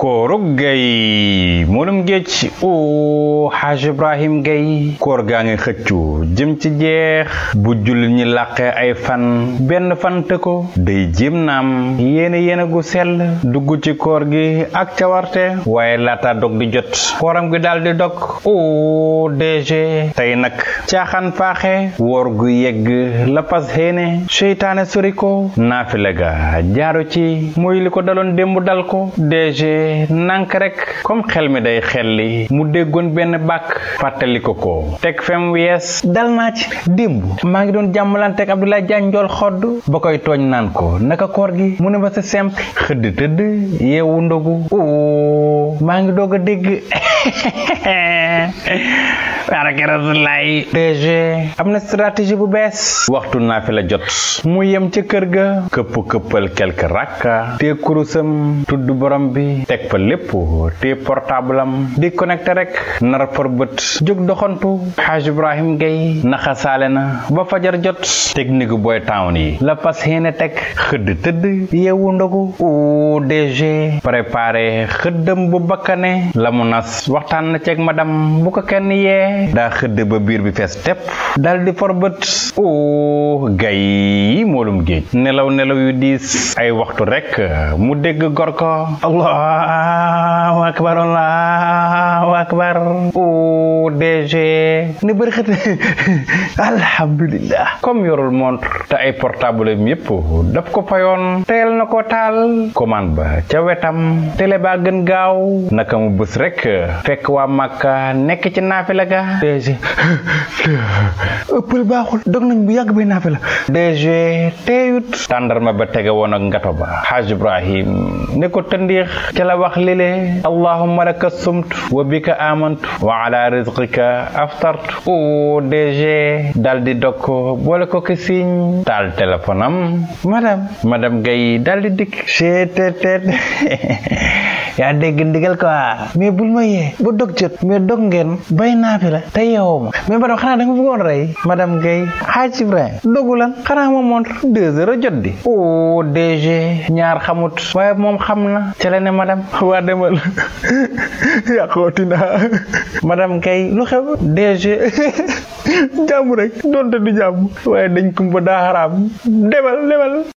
koorug gay moolum géej o xaaj ibrahim gay koor gaa ngi xëccu jëm ci jeex bu jullit ñi làqee ay fan benn fan te ko day jéem naam yéene yéene gu sell dugg ci koor gi ak cawarte waaye laata dog di jot kooram gi daldi dog o DG tey nag caaxaan faaxe woor gu yegg la fas xéene seytaane sori ko naafile ga jaaru ci mooy ko daloon démb dal ko DG waaye nànk rek comme xel mi day xelli mu déggoon benn bàkk fàttali ko ko teg fem wees dal naa ci démb maa ngi doon jàmmalante ak Abdoulaye Diagne njool xodd ba koy tooñ naan ko naka koor gi mu ne ba sa semp xëdd tëdd yeewu ndogu maa ngi doog a dégg Baara Kërës am na stratégie bu bees. waxtu naa fi la jot. mu yem ca kër ga. këpp këppal quelque rakka. te kurusam. tudd borom bi. teg fa lépp. te portable am. di connecté rek. nar for bët. jóg doxantu. Xaaj Ibrahim Gueye. naxasaale na. ba fajar jot. technique boy town yi. la fas yéene teg. xëdd tëdd. yeewu ndogu. DG. préparé xëddam bu bakkane. la mu nas waxtaan na ceeg madame. Buka ko kan kenn yee daa xëdd ba biir bi fees tepp dal di forbët oh gay yi moolum géej nelaw nelaw yu diis ay waxtu rek mu dégg gor ko allahu akbar allahu akbar oh DG ne alhamdulillah comme yorul montre te ay portable am yépp oh. daf ko fayoon teel na ko taal commande ba ca wetam télé baa gën gaaw naka mu rek fekk waa nekk ci naafila ga dg ëppal baaxul dog nañ bu yàgg bay naafila dg teeyut tàndarma ba tege woon ak ngato ba xaaj ibrahim ne ko tëndiix ca la wax lile allahumma laka sumtu wa bika amantu wa ala rizqika aftartu o dg dal di dog ko boole ko ki siiñ taal téléphone am madame madame Gaye dal di dikk seeteet ya degg ndigal quoi ah, mais bul ma yee ba dog jot mais dog ngeen bay naa fi la tay te yeewuma mais madame xanaa da nga bëggoon rey madam gay, xaaj Ibrahima dogu lan xanaa ma montre deux heures a jot di o oh, DG ñaar xamut waaye mom xam na ca la ne madame waa demal yàqooti naa madame Guèye lu xew DG jàmm rek donte du jàmm waaye dañ kumba da xaraam demal demal